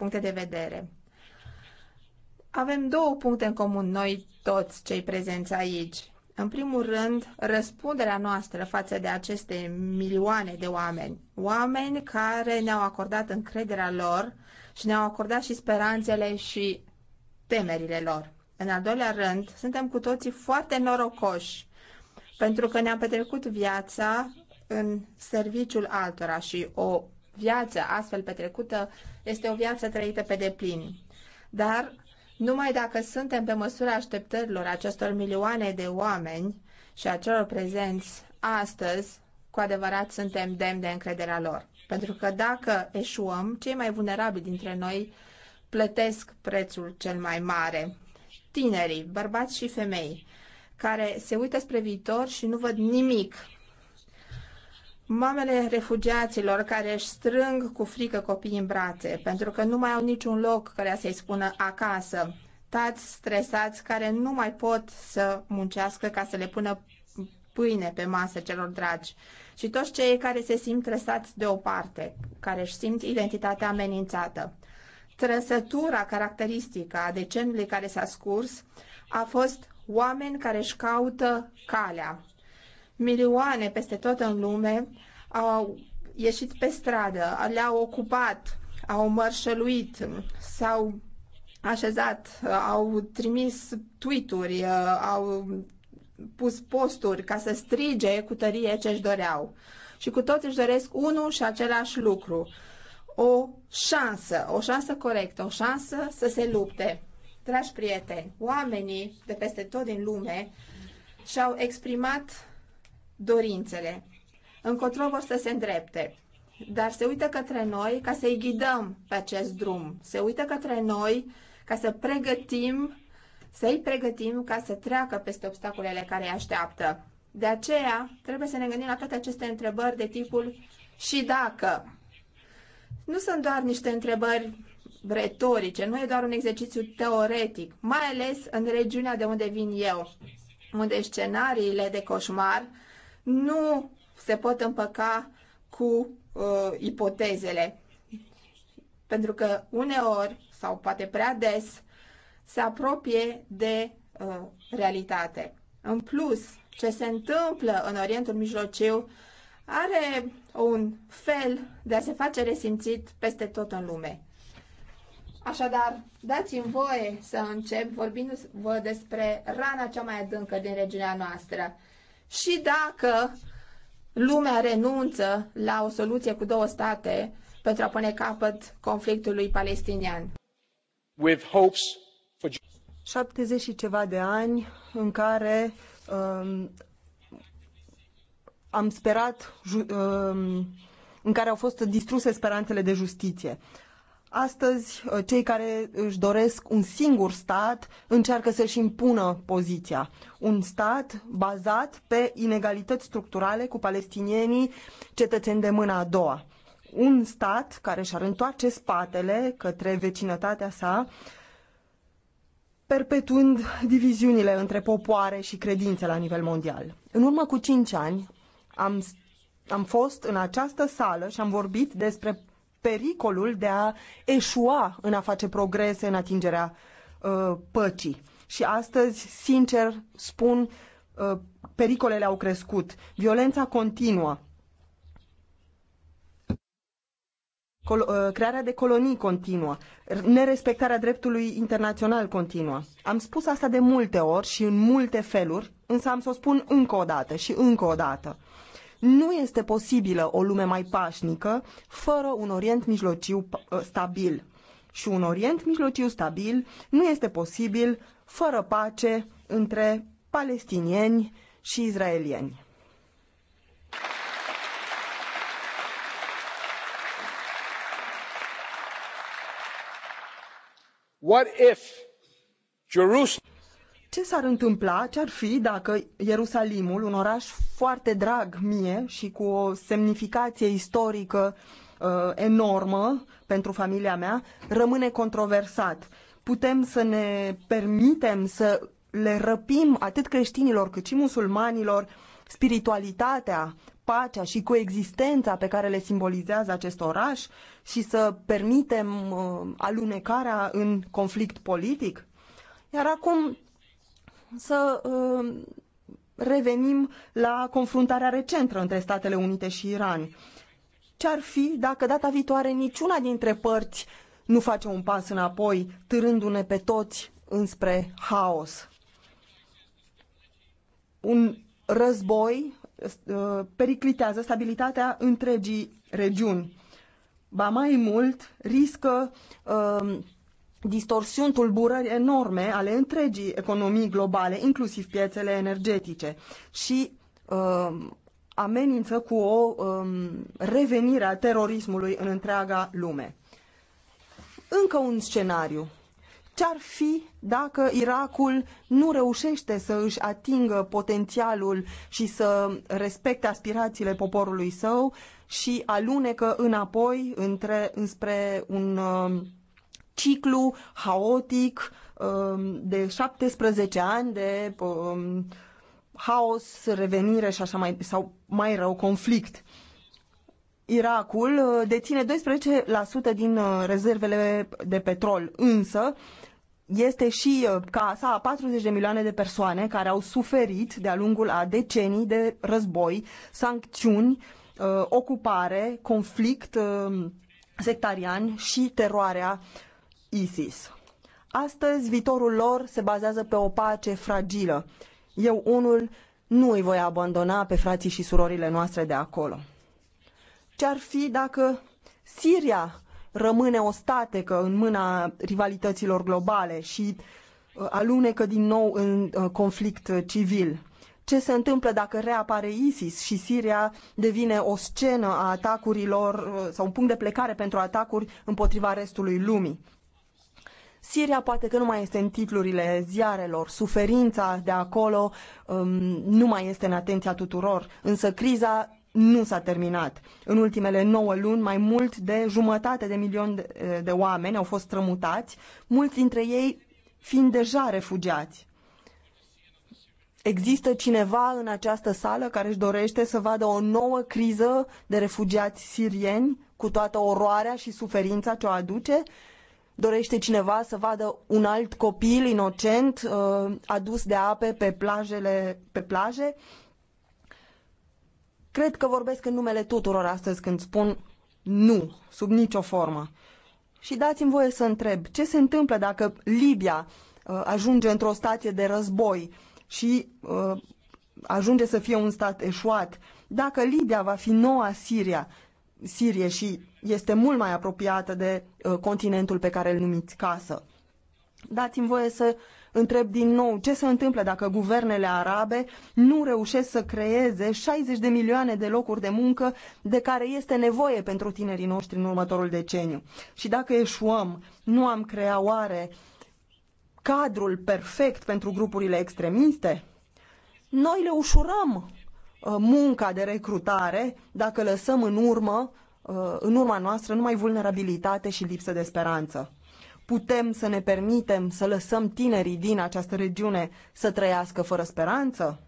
puncte de vedere. Avem două puncte în comun noi toți cei prezenți aici. În primul rând, răspunderea noastră față de aceste milioane de oameni. Oameni care ne-au acordat încrederea lor și ne-au acordat și speranțele și temerile lor. În al doilea rând, suntem cu toții foarte norocoși pentru că ne-am petrecut viața în serviciul altora și o viață astfel petrecută este o viață trăită pe deplin. Dar numai dacă suntem pe măsura așteptărilor acestor milioane de oameni și a celor prezenți astăzi, cu adevărat suntem demni de încrederea lor. Pentru că dacă eșuăm, cei mai vulnerabili dintre noi plătesc prețul cel mai mare. Tinerii, bărbați și femei, care se uită spre viitor și nu văd nimic Mamele refugiaților care își strâng cu frică copiii în brațe, pentru că nu mai au niciun loc care să-i spună acasă, tați stresați care nu mai pot să muncească ca să le pună pâine pe masă celor dragi și toți cei care se simt trăsați deoparte, care își simt identitatea amenințată. Trăsătura caracteristică a decenului care s-a scurs a fost oameni care își caută calea. Milioane peste tot în lume au ieșit pe stradă, le-au ocupat, au mărșăluit, s-au așezat, au trimis tweet-uri, au pus posturi ca să strige cu tărie ce își doreau. Și cu toți își doresc unul și același lucru. O șansă, o șansă corectă, o șansă să se lupte. Dragi prieteni, oamenii de peste tot din lume și-au exprimat dorințele încotro vor să se îndrepte. Dar se uită către noi ca să-i ghidăm pe acest drum. Se uită către noi ca să pregătim, să-i pregătim ca să treacă peste obstacolele care îi așteaptă. De aceea, trebuie să ne gândim la toate aceste întrebări de tipul și dacă. Nu sunt doar niște întrebări retorice, nu e doar un exercițiu teoretic, mai ales în regiunea de unde vin eu, unde scenariile de coșmar nu se pot împăca cu uh, ipotezele. Pentru că uneori, sau poate prea des, se apropie de uh, realitate. În plus, ce se întâmplă în Orientul Mijlociu are un fel de a se face resimțit peste tot în lume. Așadar, dați-mi voie să încep vorbindu-vă despre rana cea mai adâncă din regiunea noastră. Și dacă lumea renunță la o soluție cu două state pentru a pune capăt conflictului palestinian. 70 și ceva de ani în care um, am sperat, um, în care au fost distruse speranțele de justiție. Astăzi, uh, cei care își doresc un singur stat încearcă să-și impună poziția. Un stat bazat pe inegalități structurale cu palestinienii cetățeni de mâna a doua. Un stat care și-ar întoarce spatele către vecinătatea sa, perpetuând diviziunile între popoare și credințe la nivel mondial. În urmă cu cinci ani am, am fost în această sală și am vorbit despre pericolul de a eșua în a face progrese în atingerea uh, păcii. Și astăzi, sincer, spun, uh, pericolele au crescut. Violența continuă. Col uh, crearea de colonii continuă, nerespectarea dreptului internațional continuă. Am spus asta de multe ori și în multe feluri, însă am să o spun încă o dată și încă o dată. Uh, nu este posibilă o lume mai pașnică fără un Orient Mijlociu uh, stabil. Și un Orient Mijlociu stabil nu este posibil fără pace între palestinieni și izraelieni. What if Jerusalem ce s-ar întâmpla, ce ar fi dacă Ierusalimul, un oraș foarte drag mie și cu o semnificație istorică uh, enormă pentru familia mea, rămâne controversat? Putem să ne permitem să le răpim atât creștinilor cât și musulmanilor spiritualitatea, pacea și coexistența pe care le simbolizează acest oraș și să permitem uh, alunecarea în conflict politic? Iar acum să um, revenim la confruntarea recentă între Statele Unite și Iran. Ce ar fi dacă data viitoare niciuna dintre părți nu face un pas înapoi, târându-ne pe toți înspre haos? Un război uh, periclitează stabilitatea întregii regiuni. Ba mai mult, riscă uh, distorsiuni, tulburări enorme ale întregii economii globale, inclusiv piețele energetice și uh, amenință cu o um, revenire a terorismului în întreaga lume. Încă un scenariu. Ce-ar fi dacă Irakul nu reușește să își atingă potențialul și să respecte aspirațiile poporului său și alunecă înapoi între, înspre un uh, ciclu haotic um, de 17 ani de um, haos, revenire și așa mai, sau mai rău, conflict. Irakul uh, deține 12% din uh, rezervele de petrol, însă este și uh, casa a 40 de milioane de persoane care au suferit de-a lungul a decenii de război, sancțiuni, ocupare, conflict um, sectarian și teroarea uh, ISIS. Astăzi, viitorul lor se bazează pe o pace fragilă. Eu, unul, nu îi voi abandona pe frații și surorile noastre de acolo. Ce ar fi dacă Siria rămâne o statecă în mâna rivalităților globale și uh, alunecă din nou în uh, conflict civil? Ce se întâmplă dacă reapare ISIS și Siria devine o scenă a atacurilor uh, sau un punct de plecare pentru atacuri împotriva restului lumii? Siria poate că nu mai este în titlurile ziarelor, suferința de acolo um, nu mai este în atenția tuturor, însă criza nu s-a terminat. În ultimele nouă luni, mai mult de jumătate de milion de, de oameni au fost strămutați, mulți dintre ei fiind deja refugiați. Există cineva în această sală care își dorește să vadă o nouă criză de refugiați sirieni cu toată oroarea și suferința ce o aduce? dorește cineva să vadă un alt copil inocent uh, adus de ape pe, plajele, pe plaje. Cred că vorbesc în numele tuturor astăzi când spun nu, sub nicio formă. Și dați-mi voie să întreb, ce se întâmplă dacă Libia uh, ajunge într-o stație de război și uh, ajunge să fie un stat eșuat? Dacă Libia va fi noua Siria, Sirie și este mult mai apropiată de uh, continentul pe care îl numiți casă. Dați-mi voie să întreb din nou ce se întâmplă dacă guvernele arabe nu reușesc să creeze 60 de milioane de locuri de muncă de care este nevoie pentru tinerii noștri în următorul deceniu. Și dacă eșuăm, nu am crea oare cadrul perfect pentru grupurile extremiste? Noi le ușurăm uh, munca de recrutare dacă lăsăm în urmă Uh, în urma noastră numai vulnerabilitate și lipsă de speranță. Putem să ne permitem să lăsăm tinerii din această regiune să trăiască fără speranță?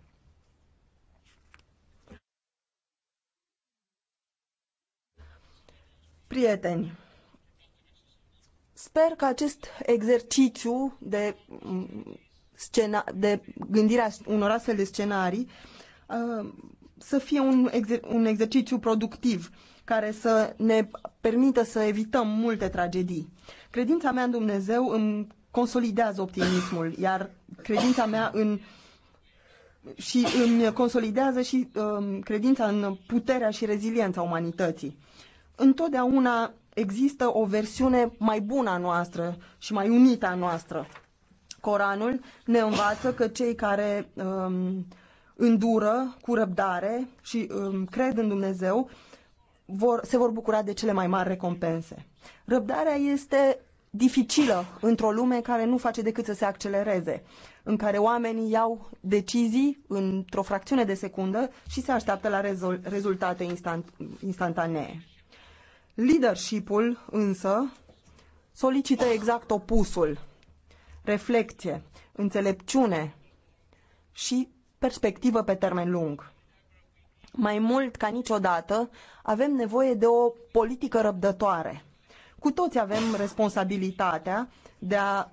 Prieteni, sper că acest exercițiu de, mm, scena, de gândirea unor astfel de scenarii uh, să fie un, exer- un exercițiu productiv care să ne permită să evităm multe tragedii. Credința mea în Dumnezeu îmi consolidează optimismul, iar credința mea în și îmi consolidează și um, credința în puterea și reziliența umanității. Întotdeauna există o versiune mai bună a noastră și mai unită a noastră. Coranul ne învață că cei care um, îndură cu răbdare și um, cred în Dumnezeu vor, se vor bucura de cele mai mari recompense. Răbdarea este dificilă într-o lume care nu face decât să se accelereze, în care oamenii iau decizii într-o fracțiune de secundă și se așteaptă la rezultate instant- instantanee. Leadershipul însă solicită exact opusul. Reflecție, înțelepciune și perspectivă pe termen lung. Mai mult ca niciodată, avem nevoie de o politică răbdătoare. Cu toți avem responsabilitatea de a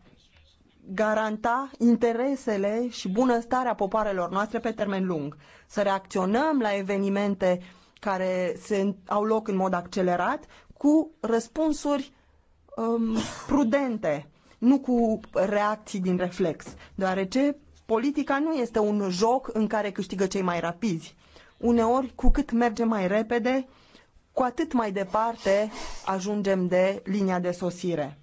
garanta interesele și bunăstarea popoarelor noastre pe termen lung, să reacționăm la evenimente care se, au loc în mod accelerat cu răspunsuri um, prudente, nu cu reacții din reflex, deoarece politica nu este un joc în care câștigă cei mai rapizi. Uneori, cu cât mergem mai repede, cu atât mai departe ajungem de linia de sosire.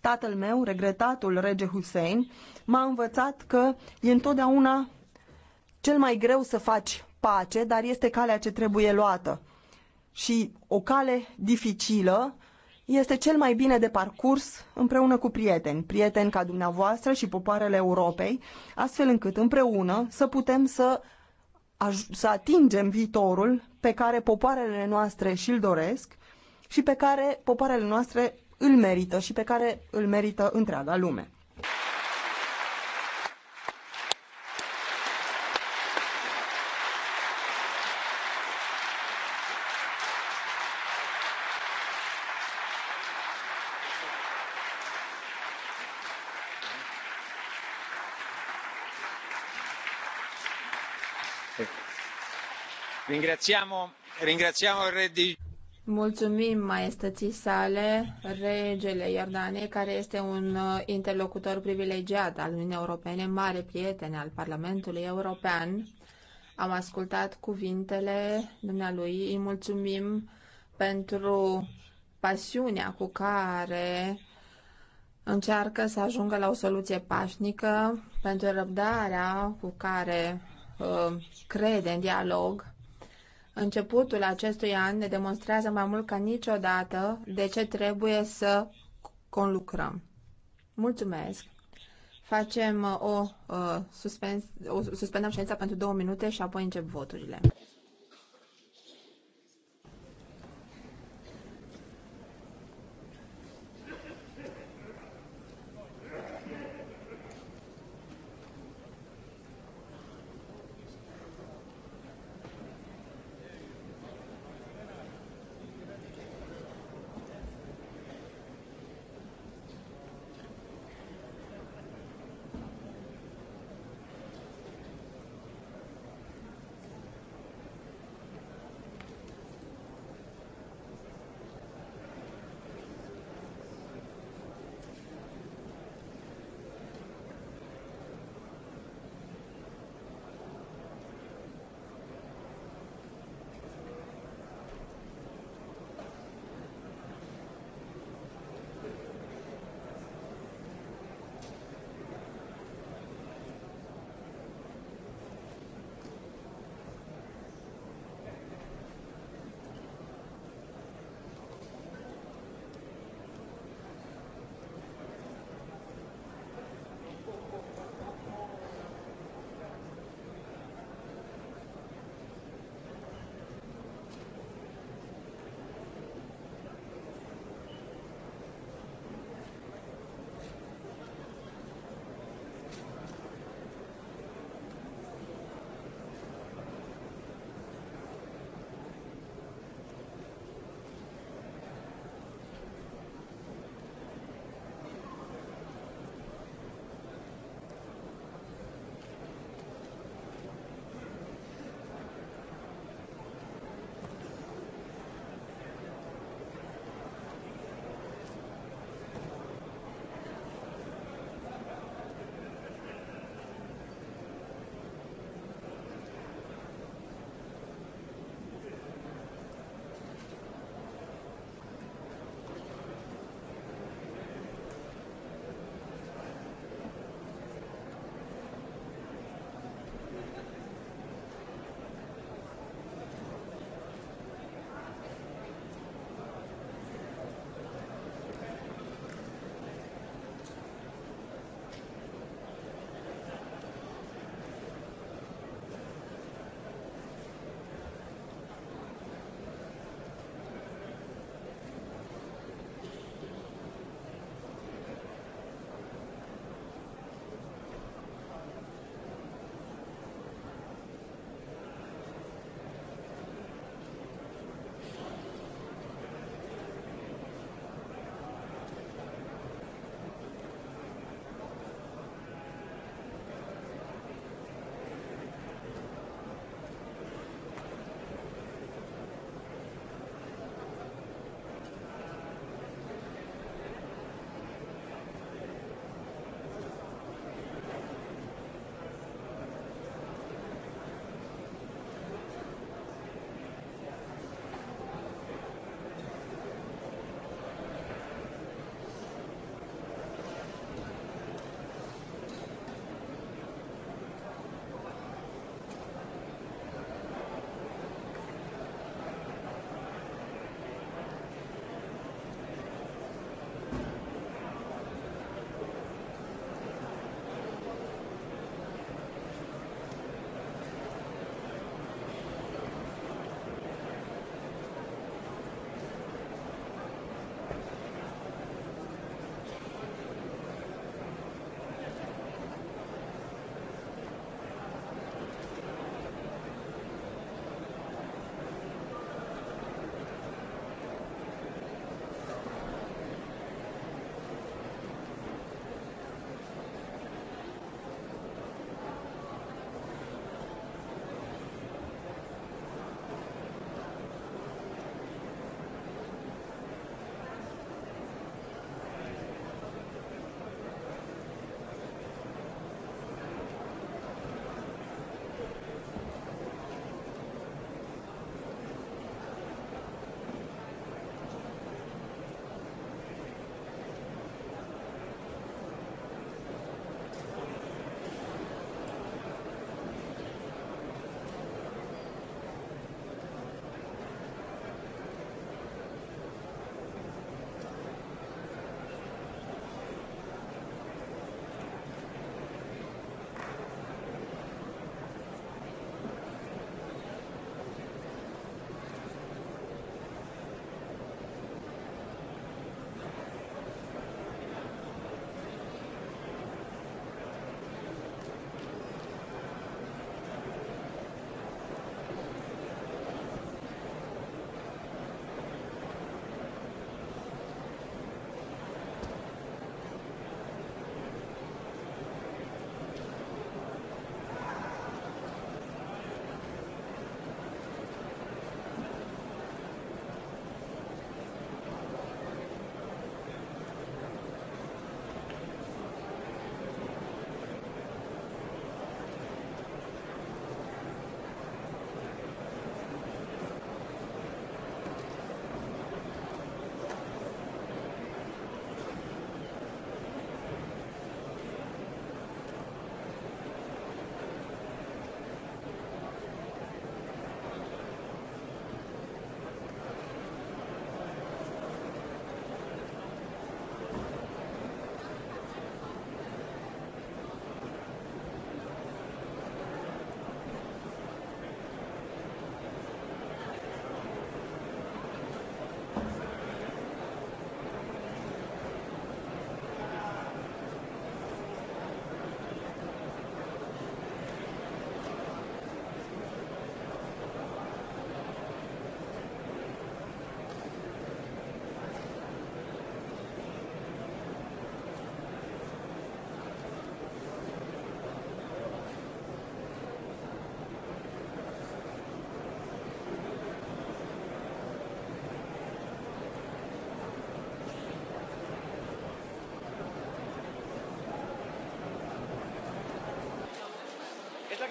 Tatăl meu, regretatul rege Hussein, m-a învățat că e întotdeauna cel mai greu să faci pace, dar este calea ce trebuie luată. Și o cale dificilă este cel mai bine de parcurs împreună cu prieteni, prieteni ca dumneavoastră și popoarele Europei, astfel încât împreună să putem să să atingem viitorul pe care popoarele noastre și-l doresc și pe care popoarele noastre îl merită și pe care îl merită întreaga lume. Ringrațiamo, ringrațiamo Redi. Mulțumim maestății sale, regele Iordaniei, care este un uh, interlocutor privilegiat al Uniunii Europene, mare prieten al Parlamentului European. Am ascultat cuvintele dumnealui, îi mulțumim pentru pasiunea cu care încearcă să ajungă la o soluție pașnică, pentru răbdarea cu care Uh, crede în dialog. Începutul acestui an ne demonstrează mai mult ca niciodată de ce trebuie să conlucrăm. Mulțumesc! Facem uh, o, uh, suspens, o suspendăm ședința pentru două minute și apoi încep voturile.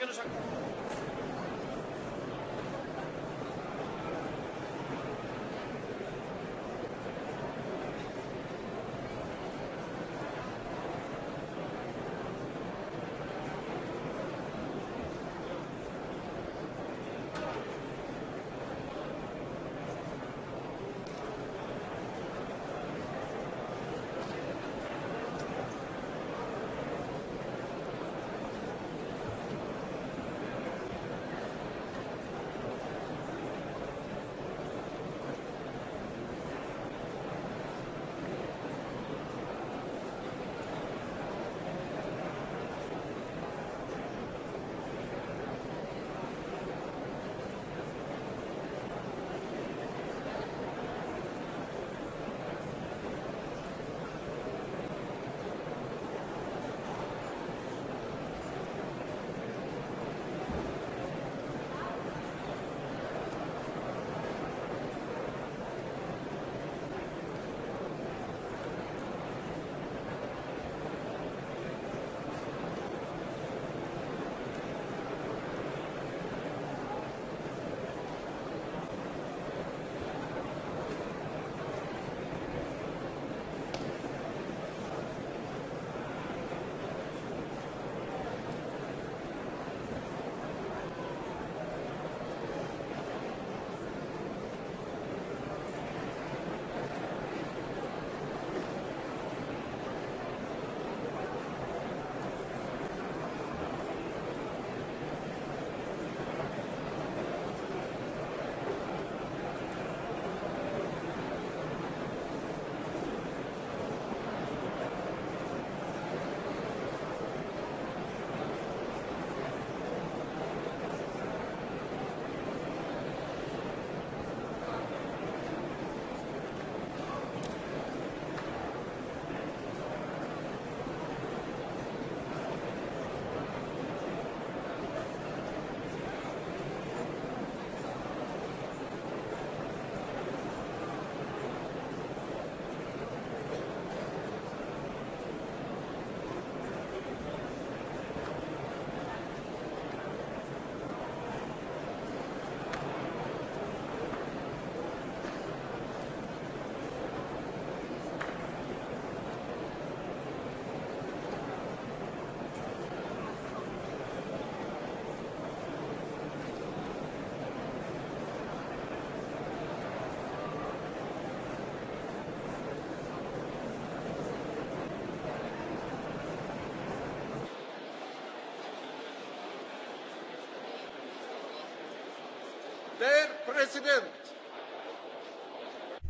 eu no saco.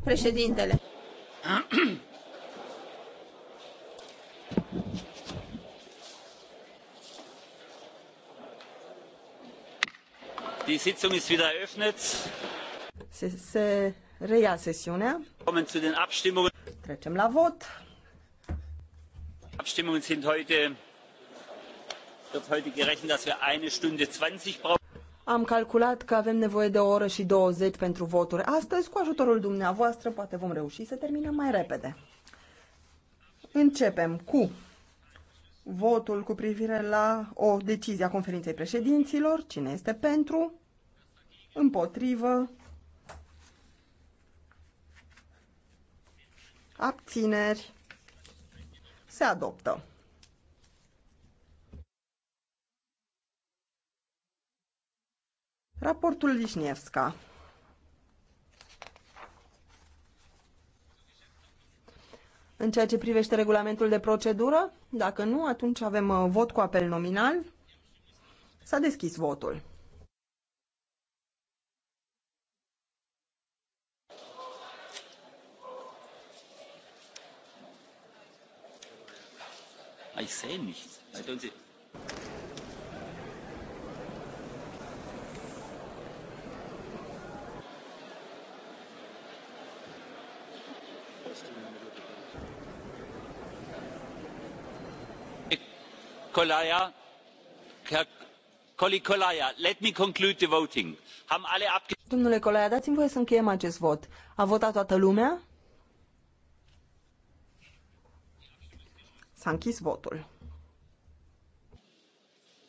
Președintele. Die Sitzung ist wieder eröffnet. Se, se reia sesiunea. Kommen zu den Abstimmungen. Trecem la vot. Abstimmungen sind heute wird heute gerechnet, dass wir eine Stunde zwanzig brauchen. Am calculat că avem nevoie de o oră și 20 pentru voturi. Astăzi, cu ajutorul dumneavoastră, poate vom reuși să terminăm mai repede. Începem cu votul cu privire la o decizie a conferinței președinților. Cine este pentru? Împotrivă? Abțineri? Se adoptă. Raportul Vișnievska. În ceea ce privește regulamentul de procedură, dacă nu, atunci avem uh, vot cu apel nominal. S-a deschis votul. I say nichts. I don't say... domnule kolaja dați mi voie să încheiem acest vot. a votat toată lumea? s a închis votul.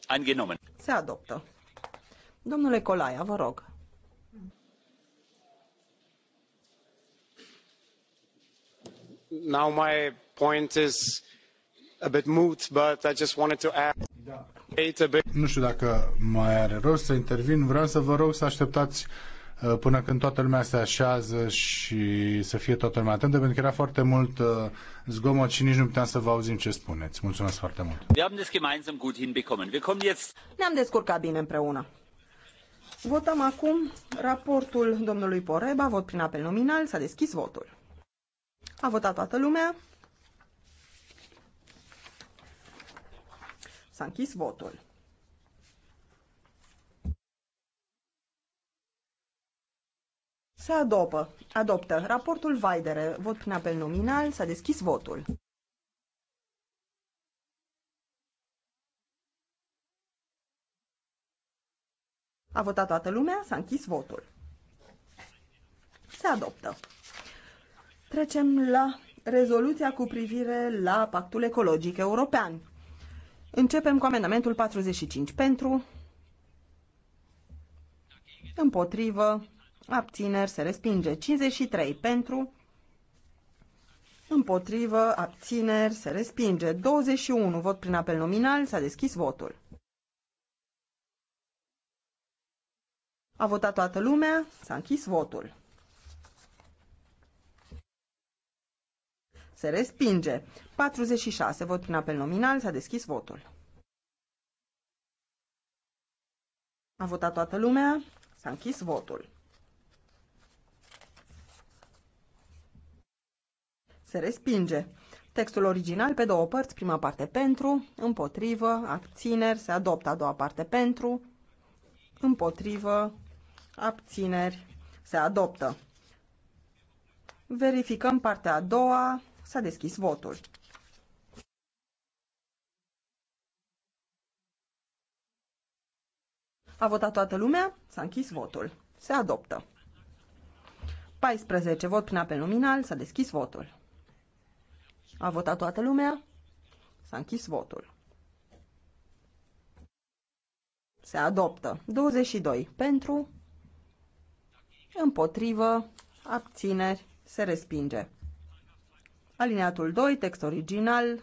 Angenommen. Se adoptă. Domnule Colaia, vă rog. Now my point is nu știu dacă mai are rost să intervin. Vreau să vă rog să așteptați uh, până când toată lumea se așează și să fie toată lumea atentă, pentru că era foarte mult uh, zgomot și nici nu puteam să vă auzim ce spuneți. Mulțumesc foarte mult. Ne-am descurcat bine împreună. Votăm acum raportul domnului Poreba, vot prin apel nominal, s-a deschis votul. A votat toată lumea. S-a închis votul. Se adopă. Adoptă. Raportul Vaidere. Vot prin apel nominal. S-a deschis votul. A votat toată lumea, s-a închis votul. Se adoptă. Trecem la rezoluția cu privire la Pactul Ecologic European. Începem cu amendamentul 45. Pentru, împotrivă, abțineri, se respinge. 53. Pentru, împotrivă, abțineri, se respinge. 21. Vot prin apel nominal, s-a deschis votul. A votat toată lumea, s-a închis votul. Se respinge. 46. Vot prin apel nominal. S-a deschis votul. A votat toată lumea. S-a închis votul. Se respinge. Textul original pe două părți, prima parte pentru, împotrivă, abțineri, se adoptă a doua parte pentru, împotrivă, abțineri, se adoptă. Verificăm partea a doua, S-a deschis votul. A votat toată lumea? S-a închis votul. Se adoptă. 14. Vot prin apel nominal. S-a deschis votul. A votat toată lumea? S-a închis votul. Se adoptă. 22. Pentru. Împotrivă. Abțineri. Se respinge. Alineatul 2, text original,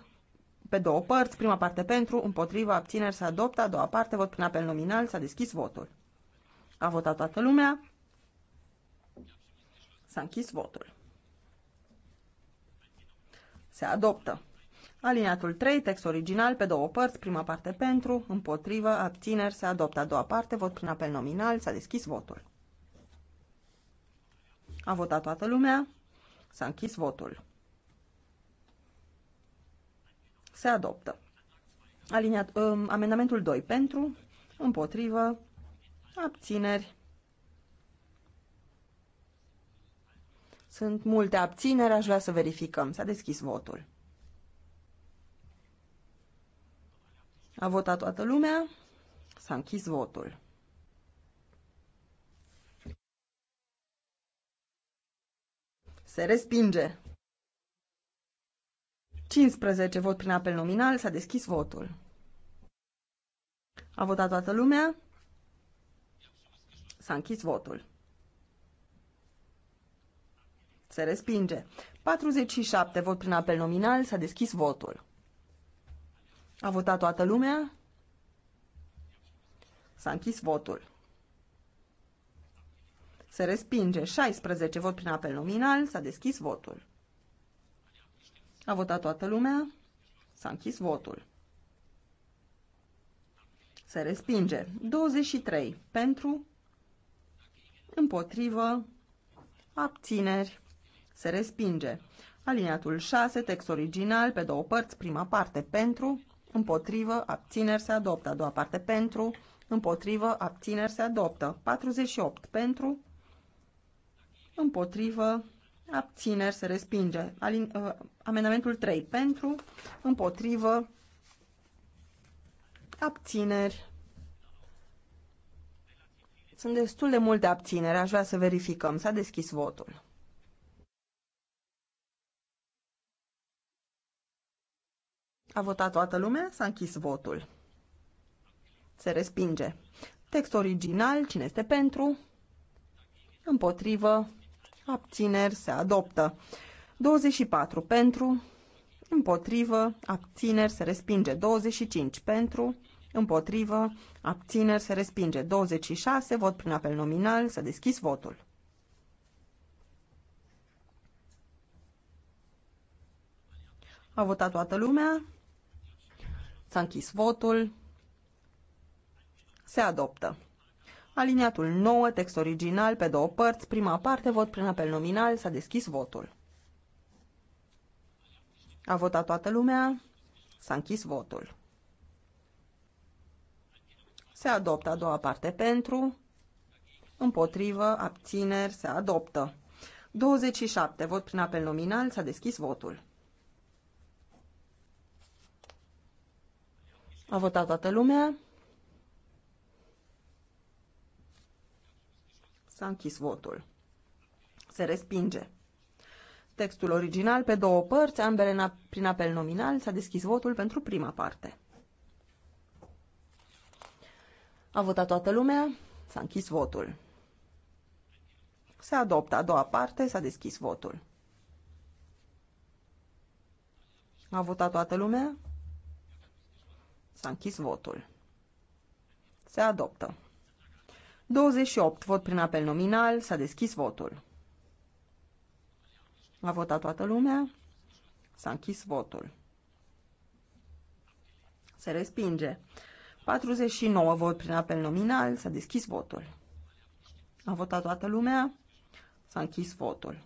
pe două părți, prima parte pentru, împotriva, abțineri se adoptă, a doua parte, vot prin apel nominal, s-a deschis votul. A votat toată lumea, s-a închis votul. Se adoptă. Aliniatul 3, text original, pe două părți, prima parte pentru, împotrivă, abțineri, se adoptă a doua parte, vot prin apel nominal, s-a deschis votul. A votat toată lumea, s-a închis votul. Se adoptă. Aliniat, um, amendamentul 2 pentru, împotrivă, abțineri. Sunt multe abțineri, aș vrea să verificăm. S-a deschis votul. A votat toată lumea, s-a închis votul. Se respinge. 15. Vot prin apel nominal. S-a deschis votul. A votat toată lumea. S-a închis votul. Se respinge. 47. Vot prin apel nominal. S-a deschis votul. A votat toată lumea. S-a închis votul. Se respinge. 16. Vot prin apel nominal. S-a deschis votul. A votat toată lumea. S-a închis votul. Se respinge. 23 pentru, împotrivă, abțineri. Se respinge. Aliniatul 6, text original, pe două părți, prima parte pentru, împotrivă, abțineri se adoptă, a doua parte pentru, împotrivă, abțineri se adoptă, 48 pentru, împotrivă, Abțineri se respinge. Alin, uh, amendamentul 3 pentru, împotrivă, abțineri. Sunt destul de multe abțineri, aș vrea să verificăm. S-a deschis votul. A votat toată lumea, s-a închis votul. Se respinge. Text original, cine este pentru? Împotrivă, abțineri se adoptă. 24 pentru, împotrivă, abțineri se respinge. 25 pentru, împotrivă, abțineri se respinge. 26, vot prin apel nominal, să deschis votul. A votat toată lumea. S-a închis votul. Se adoptă. Aliniatul 9, text original, pe două părți, prima parte, vot prin apel nominal, s-a deschis votul. A votat toată lumea, s-a închis votul. Se adoptă a doua parte pentru, împotrivă, abțineri, se adoptă. 27, vot prin apel nominal, s-a deschis votul. A votat toată lumea, S-a închis votul. Se respinge. Textul original pe două părți, ambele prin apel nominal, s-a deschis votul pentru prima parte. A votat toată lumea, s-a închis votul. Se adoptă a doua parte, s-a deschis votul. A votat toată lumea? S-a închis votul. Se adoptă. 28. Vot prin apel nominal. S-a deschis votul. A votat toată lumea. S-a închis votul. Se respinge. 49 vot prin apel nominal. S-a deschis votul. A votat toată lumea. S-a închis votul.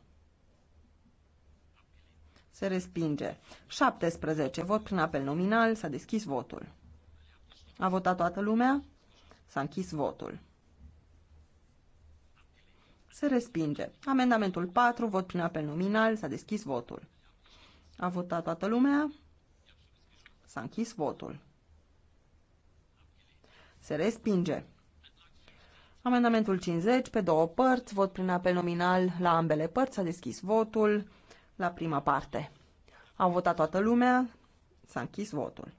Se respinge. 17 vot prin apel nominal. S-a deschis votul. A votat toată lumea. S-a închis votul. Se respinge. Amendamentul 4, vot prin apel nominal, s-a deschis votul. A votat toată lumea? S-a închis votul. Se respinge. Amendamentul 50, pe două părți, vot prin apel nominal la ambele părți, s-a deschis votul la prima parte. A votat toată lumea, s-a închis votul.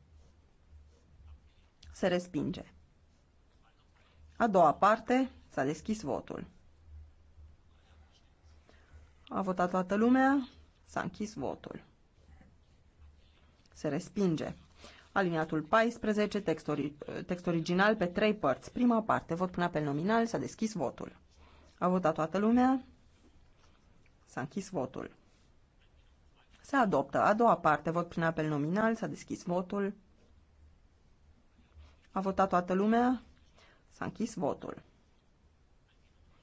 Se respinge. A doua parte, s-a deschis votul. A votat toată lumea. S-a închis votul. Se respinge. Aliniatul 14, text, ori, text original pe trei părți. Prima parte, vot până apel nominal, s-a deschis votul. A votat toată lumea. S-a închis votul. Se adoptă. A doua parte, vot prin apel nominal, s-a deschis votul. A votat toată lumea. S-a închis votul.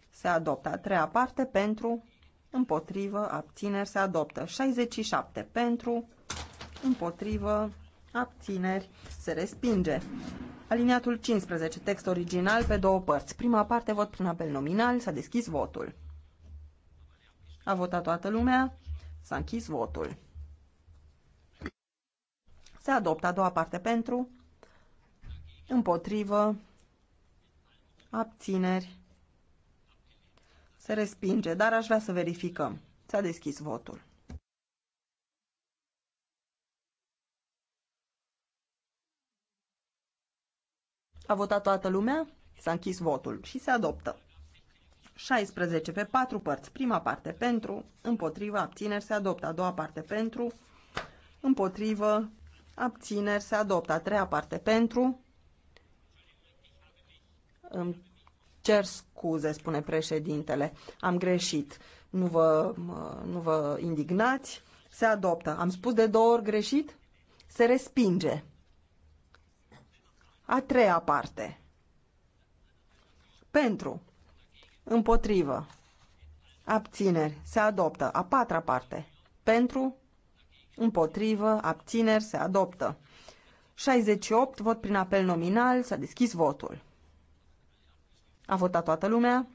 Se adoptă. A treia parte, pentru, împotrivă, abțineri, se adoptă. 67 pentru, împotrivă, abțineri, se respinge. Aliniatul 15, text original pe două părți. Prima parte, vot prin apel nominal, s-a deschis votul. A votat toată lumea, s-a închis votul. Se adoptă a doua parte pentru, împotrivă, abțineri, se respinge, dar aș vrea să verificăm. S-a deschis votul. A votat toată lumea? S-a închis votul și se adoptă. 16 pe 4 părți. Prima parte pentru, împotriva, abțineri, se adoptă. A doua parte pentru, împotrivă, abțineri, se adoptă. A treia parte pentru cer scuze, spune președintele, am greșit, nu vă, nu vă indignați, se adoptă. Am spus de două ori greșit, se respinge. A treia parte. Pentru, împotrivă, abțineri, se adoptă. A patra parte. Pentru, împotrivă, abțineri, se adoptă. 68, vot prin apel nominal, s-a deschis votul. A votat toată lumea.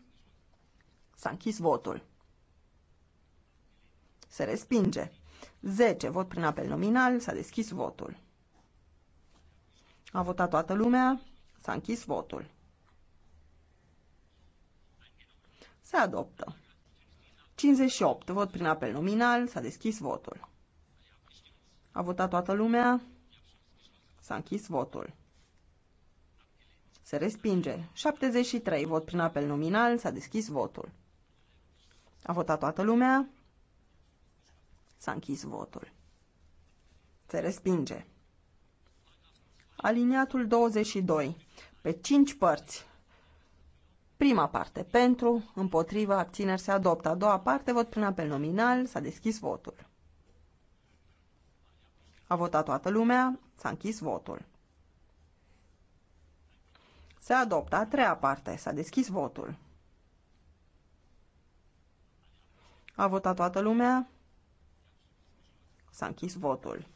S-a închis votul. Se respinge. 10. Vot prin apel nominal. S-a deschis votul. A votat toată lumea. S-a închis votul. Se adoptă. 58. Vot prin apel nominal. S-a deschis votul. A votat toată lumea. S-a închis votul. Se respinge. 73. Vot prin apel nominal. S-a deschis votul. A votat toată lumea. S-a închis votul. Se respinge. Aliniatul 22. Pe 5 părți. Prima parte pentru, împotriva, abțineri se adoptă. A doua parte, vot prin apel nominal, s-a deschis votul. A votat toată lumea, s-a închis votul. Se adoptă a treia parte. S-a deschis votul. A votat toată lumea? S-a închis votul.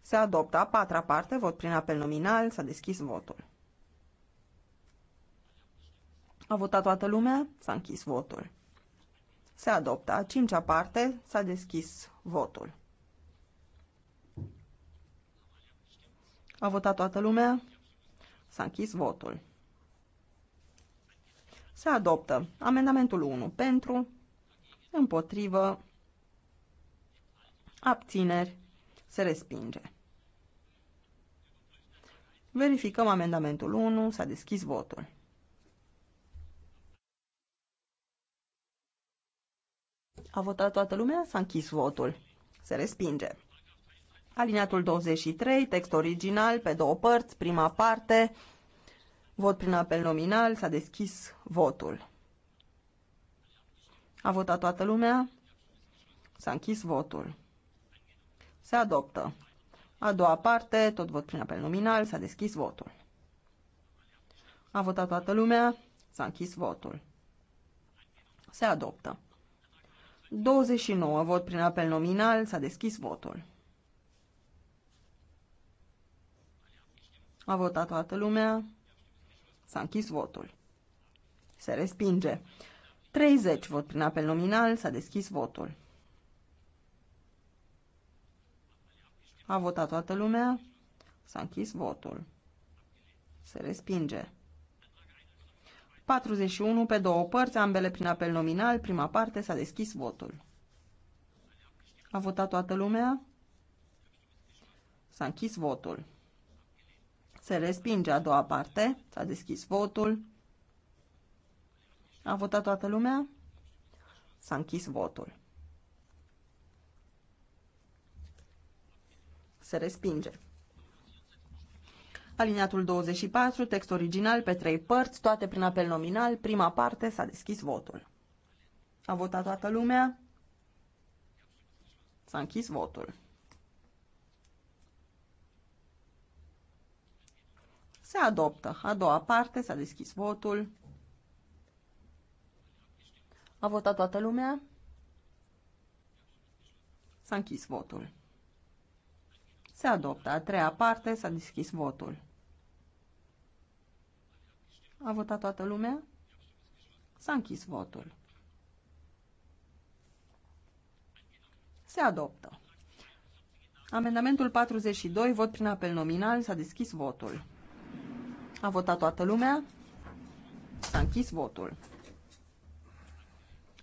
Se adoptă a patra parte, vot prin apel nominal, s-a deschis votul. A votat toată lumea? S-a închis votul. Se adoptă a cincea parte, s-a deschis votul. A votat toată lumea? S-a închis votul. Se adoptă amendamentul 1 pentru, împotrivă, abțineri, se respinge. Verificăm amendamentul 1, s-a deschis votul. A votat toată lumea, s-a închis votul. Se respinge. Aliniatul 23, text original, pe două părți, prima parte, vot prin apel nominal, s-a deschis votul. A votat toată lumea? S-a închis votul. Se adoptă. A doua parte, tot vot prin apel nominal, s-a deschis votul. A votat toată lumea? S-a închis votul. Se adoptă. 29 vot prin apel nominal, s-a deschis votul. A votat toată lumea. S-a închis votul. Se respinge. 30 vot prin apel nominal. S-a deschis votul. A votat toată lumea. S-a închis votul. Se respinge. 41 pe două părți, ambele prin apel nominal. Prima parte s-a deschis votul. A votat toată lumea? S-a închis votul. Se respinge a doua parte. S-a deschis votul. A votat toată lumea? S-a închis votul. Se respinge. Aliniatul 24, text original pe trei părți, toate prin apel nominal. Prima parte s-a deschis votul. A votat toată lumea? S-a închis votul. Se adoptă. A doua parte, s-a deschis votul. A votat toată lumea? S-a închis votul. Se adoptă. A treia parte, s-a deschis votul. A votat toată lumea? S-a închis votul. Se adoptă. Amendamentul 42, vot prin apel nominal, s-a deschis votul. A votat toată lumea. S-a închis votul.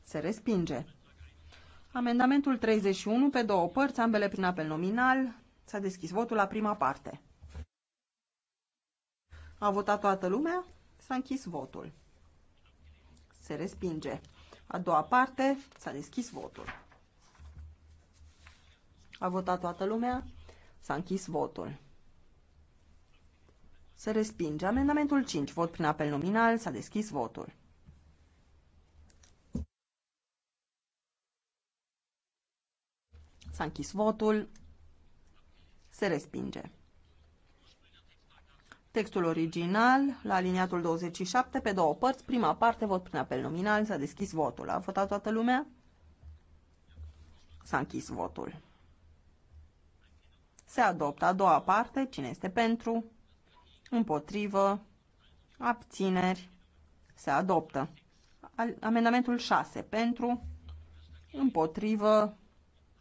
Se respinge. Amendamentul 31 pe două părți, ambele prin apel nominal. S-a deschis votul la prima parte. A votat toată lumea. S-a închis votul. Se respinge. A doua parte, s-a deschis votul. A votat toată lumea. S-a închis votul. Se respinge. Amendamentul 5. Vot prin apel nominal. S-a deschis votul. S-a închis votul. Se respinge. Textul original, la aliniatul 27, pe două părți, prima parte, vot prin apel nominal, s-a deschis votul. A votat toată lumea? S-a închis votul. Se adoptă a doua parte, cine este pentru, împotrivă, abțineri, se adoptă. Amendamentul 6 pentru, împotrivă,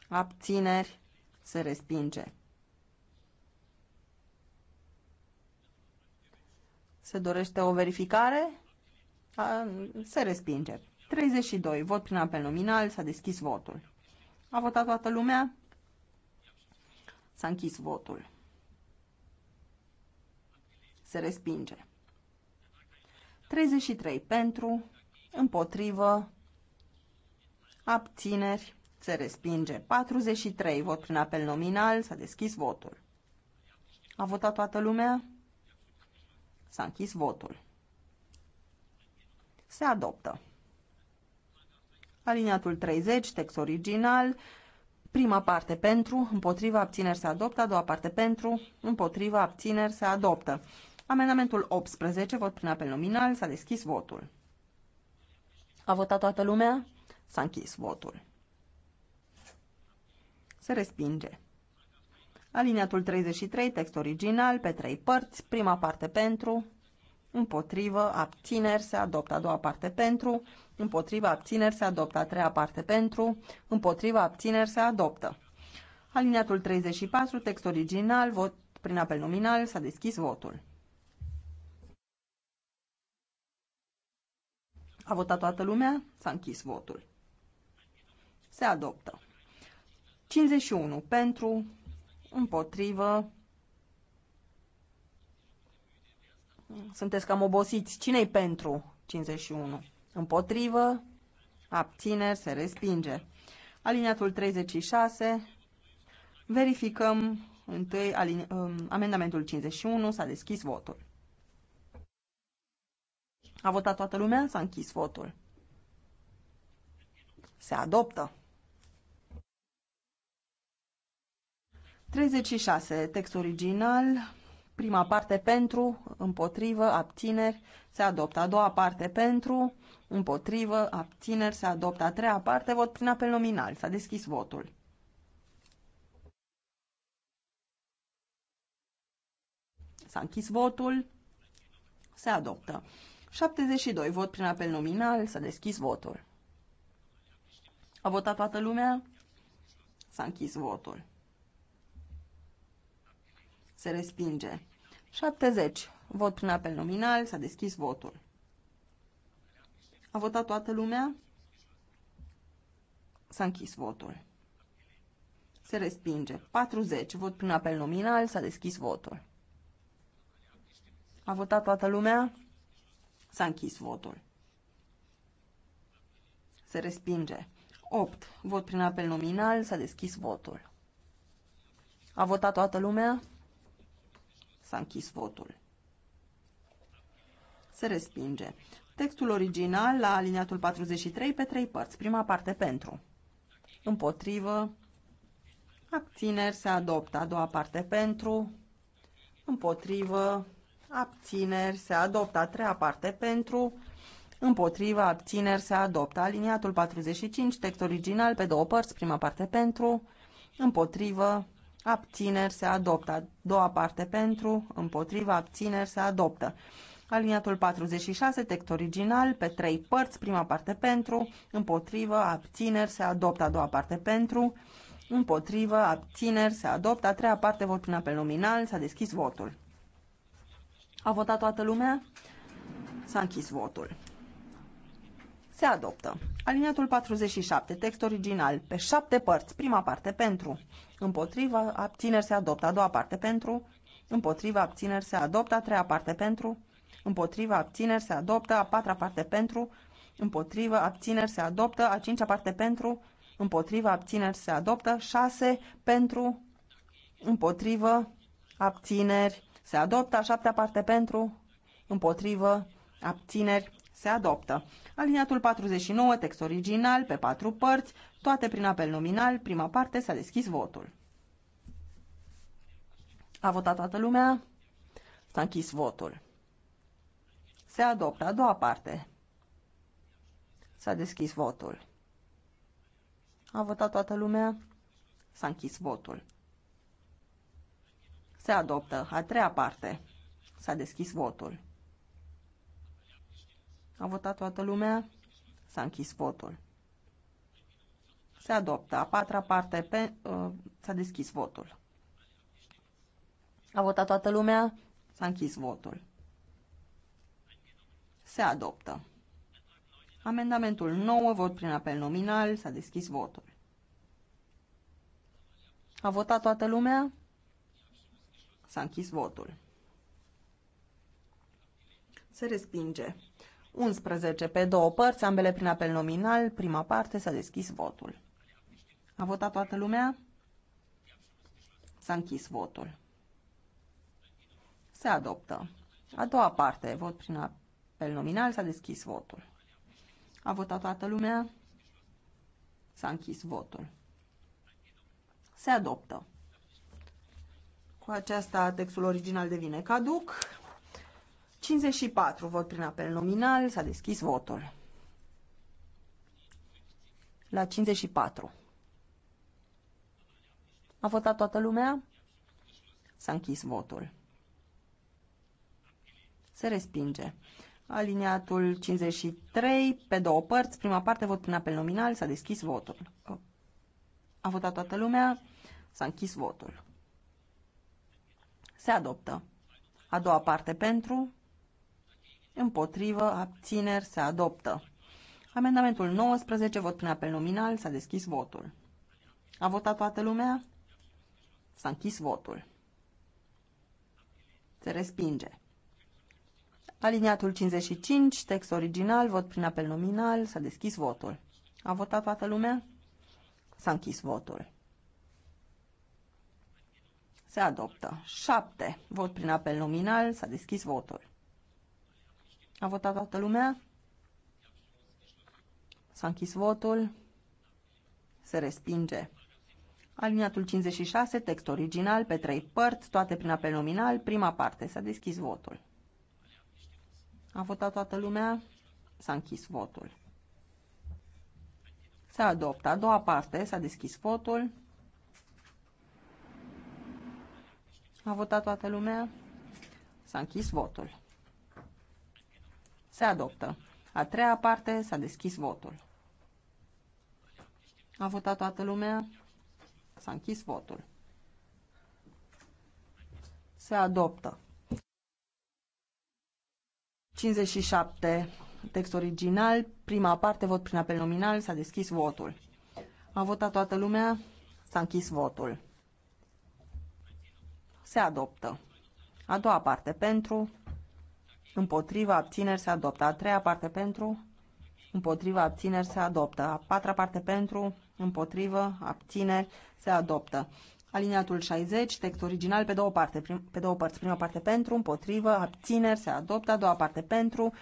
abțineri, se respinge. Se dorește o verificare? Se respinge. 32. Vot prin apel nominal. S-a deschis votul. A votat toată lumea? S-a închis votul. Se respinge. 33 pentru, împotrivă, abțineri, se respinge. 43 vot prin apel nominal, s-a deschis votul. A votat toată lumea? S-a închis votul. Se adoptă. Aliniatul 30, text original, prima parte pentru, împotriva abțineri se adoptă, a doua parte pentru, împotriva abțineri se adoptă. Amendamentul 18, vot prin apel nominal, s-a deschis votul. A votat toată lumea? S-a închis votul. Se respinge. Aliniatul 33, text original, pe trei părți, prima parte pentru, împotrivă, abțineri, se adoptă a doua parte pentru, împotrivă, abțineri, se adoptă a treia parte pentru, împotrivă, abțineri, se adoptă. Aliniatul 34, text original, vot prin apel nominal, s-a deschis votul. A votat toată lumea? S-a închis votul. Se adoptă. 51 pentru, împotrivă. Sunteți cam obosiți. Cine-i pentru 51? Împotrivă, abțineri, se respinge. Aliniatul 36, verificăm întâi um, amendamentul 51, s-a deschis votul. A votat toată lumea? S-a închis votul. Se adoptă. 36. Text original. Prima parte pentru, împotrivă, abțineri, se adoptă. A doua parte pentru, împotrivă, abțineri, se adoptă. A treia parte, vot prin apel nominal. S-a deschis votul. S-a închis votul. Se adoptă. 72. Vot prin apel nominal. S-a deschis votul. A votat toată lumea? S-a închis votul. Se respinge. 70. Vot prin apel nominal. S-a deschis votul. A votat toată lumea? S-a închis votul. Se respinge. 40. Vot prin apel nominal. S-a deschis votul. A votat toată lumea? S-a închis votul. Se respinge. 8. Vot prin apel nominal. S-a deschis votul. A votat toată lumea? S-a închis votul. Se respinge. Textul original la aliniatul 43 pe trei părți. Prima parte pentru. Împotrivă. Abțineri se adoptă. A doua parte pentru. Împotrivă abțineri se adoptă. A treia parte pentru, împotriva, abțineri se adoptă. Aliniatul 45, text original pe două părți, prima parte pentru, împotrivă, abțineri se adoptă. A doua parte pentru, împotriva, abțineri se adoptă. Aliniatul 46, text original, pe trei părți, prima parte pentru, împotrivă, abțineri, se adoptă a doua parte pentru, împotrivă, abțineri, se adoptă a treia parte, vot prin apel nominal, s-a deschis votul. A votat toată lumea? S-a închis votul. Se adoptă. Aliniatul 47, text original, pe șapte părți. Prima parte pentru, împotriva, abțineri se adoptă. A doua parte pentru, împotriva, abțineri se adoptă. A treia parte pentru, împotriva, abțineri se adoptă. A patra parte pentru, împotriva, abțineri se adoptă. A cincea parte pentru, împotriva, abțineri se adoptă. Șase pentru, împotriva abțineri se adoptă. A șaptea parte pentru, împotrivă, abțineri, se adoptă. Aliniatul 49, text original, pe patru părți, toate prin apel nominal, prima parte s-a deschis votul. A votat toată lumea? S-a închis votul. Se adoptă a doua parte. S-a deschis votul. A votat toată lumea? S-a închis votul. Se adoptă. A treia parte. S-a deschis votul. A votat toată lumea? S-a închis votul. Se adoptă. A patra parte. Pe, uh, s-a deschis votul. A votat toată lumea? S-a închis votul. Se adoptă. Amendamentul 9, vot prin apel nominal, s-a deschis votul. A votat toată lumea? S-a închis votul. Se respinge. 11 pe două părți, ambele prin apel nominal. Prima parte s-a deschis votul. A votat toată lumea? S-a închis votul. Se adoptă. A doua parte, vot prin apel nominal, s-a deschis votul. A votat toată lumea? S-a închis votul. Se adoptă. Cu aceasta textul original devine caduc. 54 vot prin apel nominal. S-a deschis votul. La 54. A votat toată lumea? S-a închis votul. Se respinge. Aliniatul 53, pe două părți, prima parte, vot prin apel nominal, s-a deschis votul. A votat toată lumea, s-a închis votul. Se adoptă. A doua parte pentru, împotrivă, abțineri, se adoptă. Amendamentul 19, vot prin apel nominal, s-a deschis votul. A votat toată lumea? S-a închis votul. Se respinge. Aliniatul 55, text original, vot prin apel nominal, s-a deschis votul. A votat toată lumea? S-a închis votul. Se adoptă. 7. Vot prin apel nominal. S-a deschis votul. A votat toată lumea? S-a închis votul. Se respinge. Aliniatul 56, text original, pe trei părți, toate prin apel nominal, prima parte. S-a deschis votul. A votat toată lumea? S-a închis votul. Se adoptă. A doua parte. S-a deschis votul. A votat toată lumea? S-a închis votul. Se adoptă. A treia parte s-a deschis votul. A votat toată lumea? S-a închis votul. Se adoptă. 57. Text original. Prima parte, vot prin apel nominal, s-a deschis votul. A votat toată lumea? S-a închis votul se adoptă. A doua parte pentru, împotriva abțineri se adoptă. A treia parte pentru, împotriva abțineri se adoptă. A patra parte pentru, împotrivă, abțineri se adoptă. Aliniatul 60, text original pe două, parte, prim, pe două părți. Prima parte pentru, împotrivă, abțineri se adoptă. A doua parte pentru,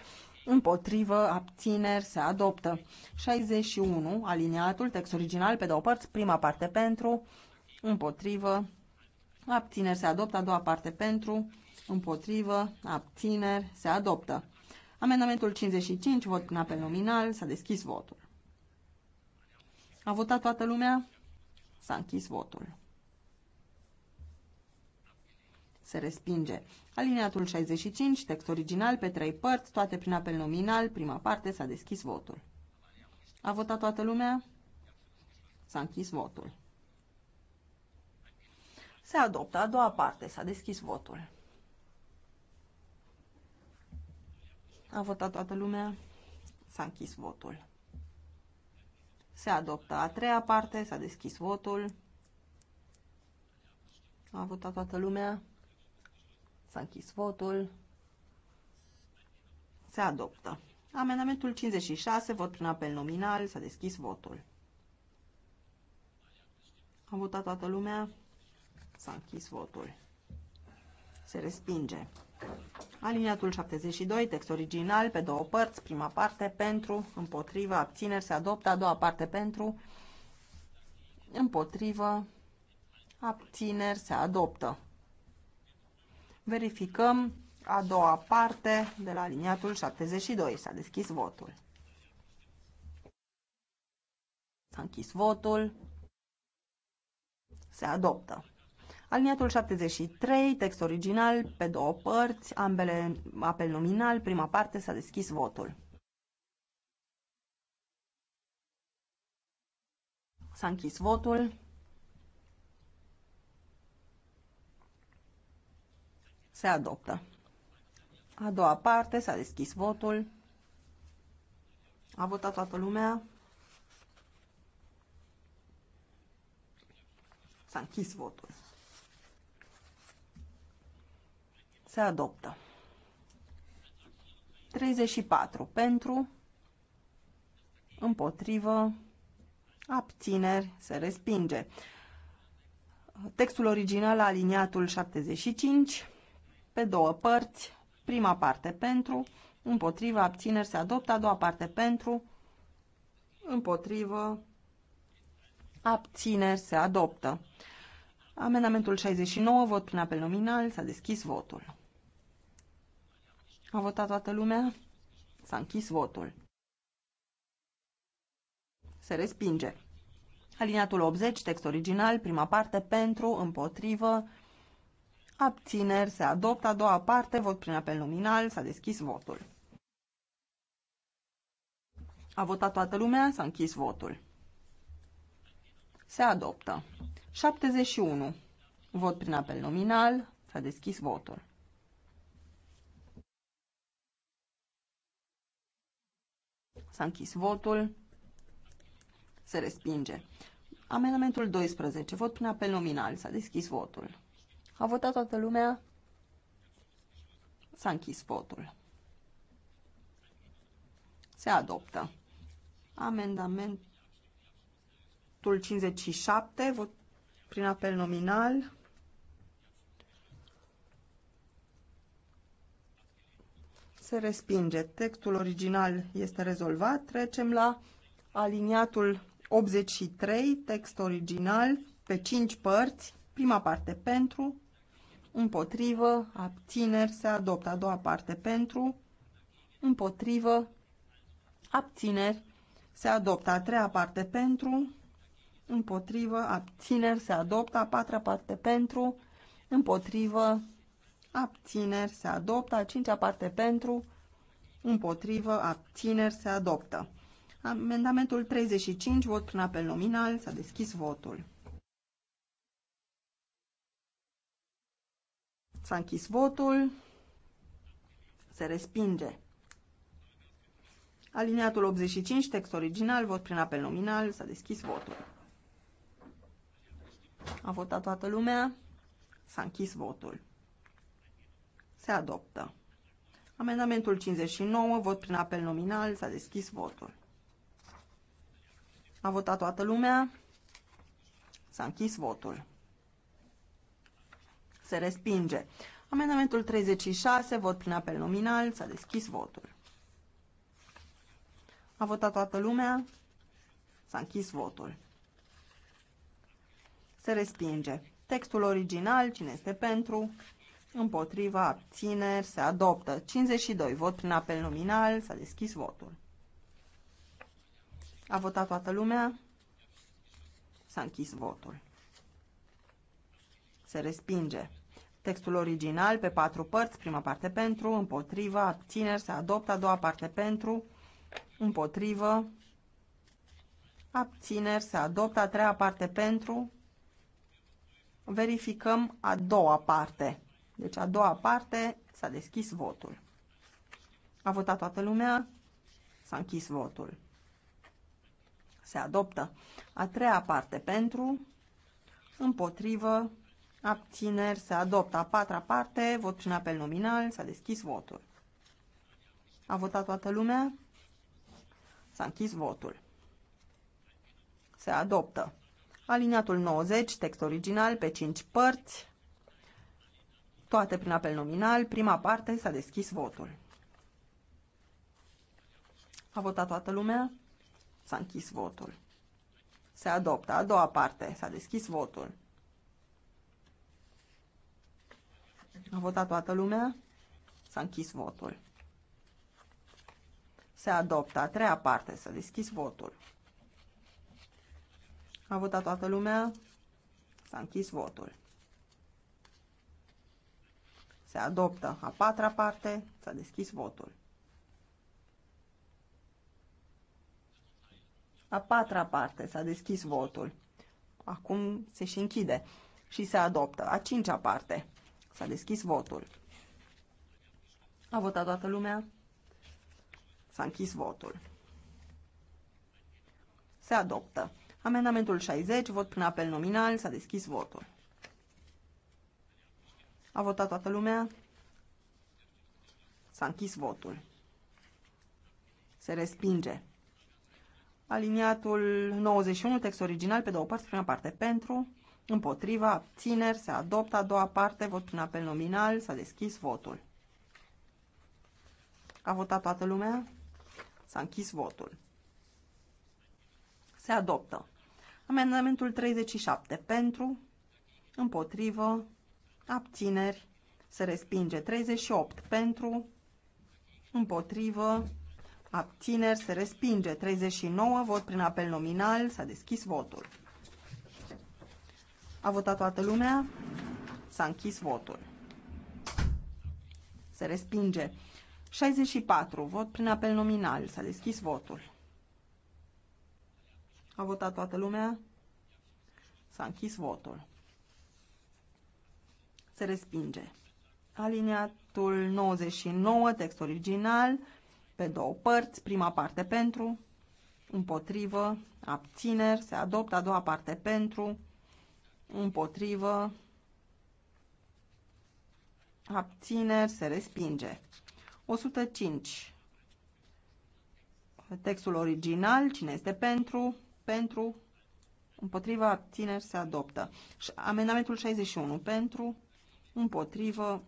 împotrivă, abțineri se adoptă. 61, aliniatul, text original pe două părți. Prima parte pentru, împotrivă, abțineri se adoptă, a doua parte pentru, împotrivă, abțineri se adoptă. Amendamentul 55, vot în apel nominal, s-a deschis votul. A votat toată lumea? S-a închis votul. Se respinge. Alineatul 65, text original, pe trei părți, toate prin apel nominal, prima parte, s-a deschis votul. A votat toată lumea? S-a închis votul. Se adoptă a doua parte. S-a deschis votul. A votat toată lumea. S-a închis votul. Se adoptă a treia parte. S-a deschis votul. A votat toată lumea. S-a închis votul. Se adoptă. Amendamentul 56, vot prin apel nominal, s-a deschis votul. A votat toată lumea, S-a închis votul. Se respinge. Aliniatul 72, text original, pe două părți, prima parte pentru, împotrivă, abțineri, se adoptă, a doua parte pentru, împotrivă, abțineri, se adoptă. Verificăm a doua parte de la aliniatul 72. S-a deschis votul. S-a închis votul. Se adoptă. Aliniatul 73, text original, pe două părți, ambele apel nominal, prima parte s-a deschis votul. S-a închis votul. Se adoptă. A doua parte s-a deschis votul. A votat toată lumea. S-a închis votul. se adoptă. 34 pentru, împotrivă, abțineri, se respinge. Textul original, aliniatul 75, pe două părți, prima parte pentru, împotrivă, abțineri, se adoptă, a doua parte pentru, împotrivă, abțineri, se adoptă. Amendamentul 69, vot prin apel nominal, s-a deschis votul. A votat toată lumea? S-a închis votul. Se respinge. Aliniatul 80, text original, prima parte, pentru, împotrivă, abțineri, se adoptă, a doua parte, vot prin apel nominal, s-a deschis votul. A votat toată lumea, s-a închis votul. Se adoptă. 71. Vot prin apel nominal, s-a deschis votul. S-a închis votul. Se respinge. Amendamentul 12. Vot prin apel nominal. S-a deschis votul. A votat toată lumea? S-a închis votul. Se adoptă. Amendamentul 57. Vot prin apel nominal. se respinge. Textul original este rezolvat. Trecem la aliniatul 83, text original, pe 5 părți. Prima parte pentru, împotrivă, abțineri, se adoptă. A doua parte pentru, împotrivă, abțineri, se adoptă. A treia parte pentru, împotrivă, abțineri, se adoptă. A patra parte pentru, împotrivă, abțineri se adoptă, a cincea parte pentru, împotrivă, abțineri se adoptă. Amendamentul 35, vot prin apel nominal, s-a deschis votul. S-a închis votul, se respinge. Aliniatul 85, text original, vot prin apel nominal, s-a deschis votul. A votat toată lumea, s-a închis votul. Se adoptă. Amendamentul 59, vot prin apel nominal, s-a deschis votul. A votat toată lumea, s-a închis votul. Se respinge. Amendamentul 36, vot prin apel nominal, s-a deschis votul. A votat toată lumea, s-a închis votul. Se respinge. Textul original, cine este pentru, împotriva, abțineri, se adoptă. 52, vot prin apel nominal, s-a deschis votul. A votat toată lumea, s-a închis votul. Se respinge. Textul original pe patru părți, prima parte pentru, împotriva, abțineri, se adoptă, a doua parte pentru, împotrivă, abțineri, se adoptă, a treia parte pentru, verificăm a doua parte. Deci a doua parte s-a deschis votul. A votat toată lumea, s-a închis votul. Se adoptă. A treia parte pentru, împotrivă, abțineri, se adoptă. A patra parte, vot prin apel nominal, s-a deschis votul. A votat toată lumea, s-a închis votul. Se adoptă. Aliniatul 90, text original, pe 5 părți toate prin apel nominal. Prima parte s-a deschis votul. A votat toată lumea? S-a închis votul. Se adoptă. A doua parte s-a deschis votul. A votat toată lumea? S-a închis votul. Se adoptă. A treia parte s-a deschis votul. A votat toată lumea? S-a închis votul. Se adoptă. A patra parte. S-a deschis votul. A patra parte. S-a deschis votul. Acum se și închide și se adoptă. A cincea parte. S-a deschis votul. A votat toată lumea? S-a închis votul. Se adoptă. Amendamentul 60, vot prin apel nominal, s-a deschis votul. A votat toată lumea. S-a închis votul. Se respinge. Aliniatul 91, text original, pe două părți, prima parte pentru, împotriva, abțineri, se adoptă a doua parte, vot prin apel nominal, s-a deschis votul. A votat toată lumea? S-a închis votul. Se adoptă. Amendamentul 37 pentru, împotrivă, abțineri, se respinge. 38 pentru, împotrivă, abțineri, se respinge. 39, vot prin apel nominal, s-a deschis votul. A votat toată lumea, s-a închis votul. Se respinge. 64, vot prin apel nominal, s-a deschis votul. A votat toată lumea, s-a închis votul se respinge. Aliniatul 99, text original, pe două părți, prima parte pentru, împotrivă, abțineri, se adoptă a doua parte pentru, împotrivă, abțineri, se respinge. 105. Textul original, cine este pentru, pentru, împotriva, abțineri, se adoptă. Amendamentul 61, pentru, împotrivă,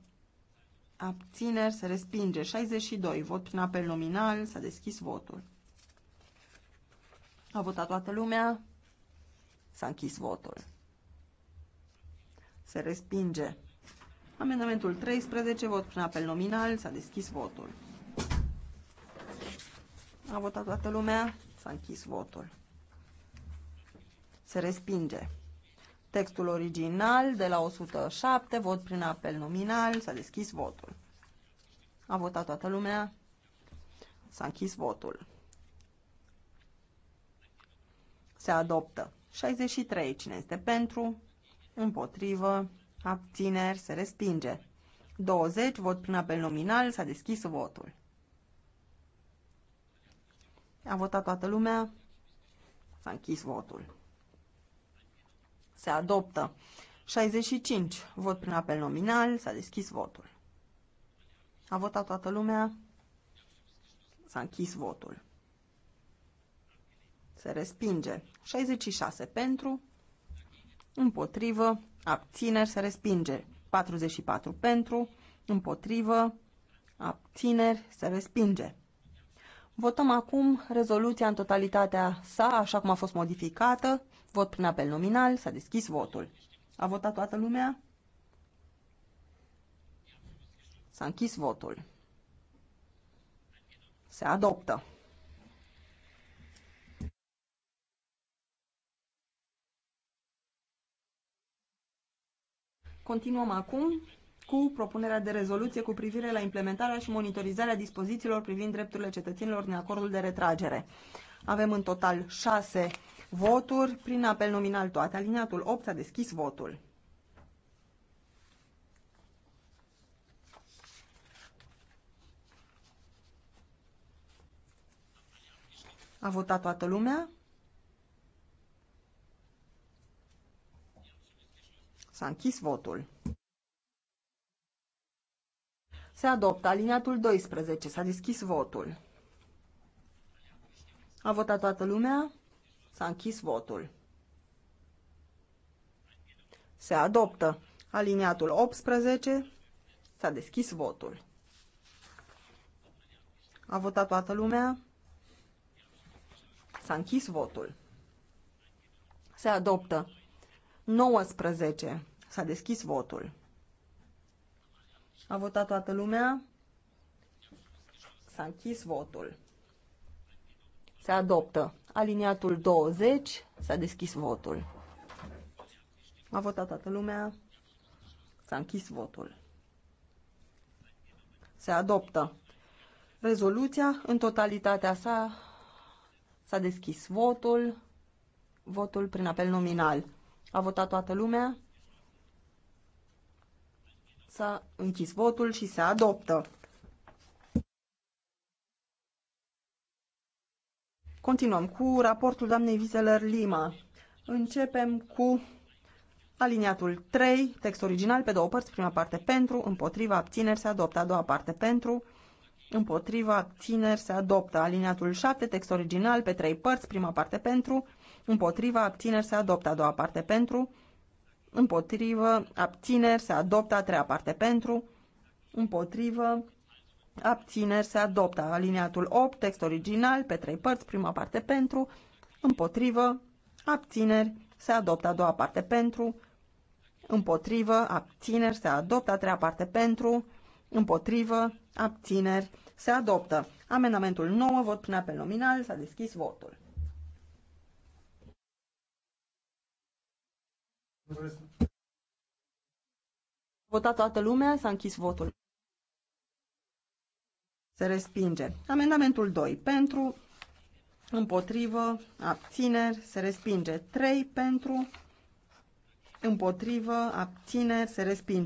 abțineri, se respinge. 62, vot prin apel nominal, s-a deschis votul. A votat toată lumea, s-a închis votul. Se respinge. Amendamentul 13, vot prin apel nominal, s-a deschis votul. A votat toată lumea, s-a închis votul. Se respinge. Textul original de la 107, vot prin apel nominal, s-a deschis votul. A votat toată lumea, s-a închis votul. Se adoptă 63, cine este pentru, împotrivă, abțineri, se respinge. 20, vot prin apel nominal, s-a deschis votul. A votat toată lumea, s-a închis votul. Se adoptă. 65. Vot prin apel nominal. S-a deschis votul. A votat toată lumea. S-a închis votul. Se respinge. 66 pentru. Împotrivă. Abțineri. Se respinge. 44 pentru. Împotrivă. Abțineri. Se respinge. Votăm acum rezoluția în totalitatea sa, așa cum a fost modificată. Vot prin apel nominal. S-a deschis votul. A votat toată lumea? S-a închis votul. Se adoptă. Continuăm acum cu propunerea de rezoluție cu privire la implementarea și monitorizarea dispozițiilor privind drepturile cetățenilor în acordul de retragere. Avem în total șase Voturi prin apel nominal toate. Aliniatul 8 a deschis votul. A votat toată lumea? S-a închis votul. Se adoptă aliniatul 12. S-a deschis votul. A votat toată lumea? S-a închis votul. Se adoptă. Aliniatul 18. S-a deschis votul. A votat toată lumea. S-a închis votul. Se adoptă. 19. S-a deschis votul. A votat toată lumea. S-a închis votul. Se adoptă. Aliniatul 20. S-a deschis votul. A votat toată lumea. S-a închis votul. Se adoptă. Rezoluția în totalitatea sa s-a deschis votul. Votul prin apel nominal. A votat toată lumea. S-a închis votul și se adoptă. Continuăm cu raportul doamnei Vizeler Lima. Începem cu aliniatul 3, text original pe două părți, prima parte pentru, împotriva, abțineri, se adoptă, a doua parte pentru, împotriva, abțineri, se adoptă. Aliniatul 7, text original pe trei părți, prima parte pentru, împotriva, abțineri, se adoptă, a doua parte pentru, împotriva abțineri, se adoptă, a treia parte pentru, împotrivă, abțineri se adoptă. Aliniatul 8, text original, pe trei părți, prima parte pentru, împotrivă, abțineri se adoptă. A doua parte pentru, împotrivă, abțineri se adoptă. A treia parte pentru, împotrivă, abțineri se adoptă. Amendamentul 9, vot prin apel nominal, s-a deschis votul. Votat toată lumea, s-a închis votul. Se respinge. Amendamentul 2 pentru, împotrivă, abțineri, se respinge. 3 pentru, împotrivă, abțineri, se respinge.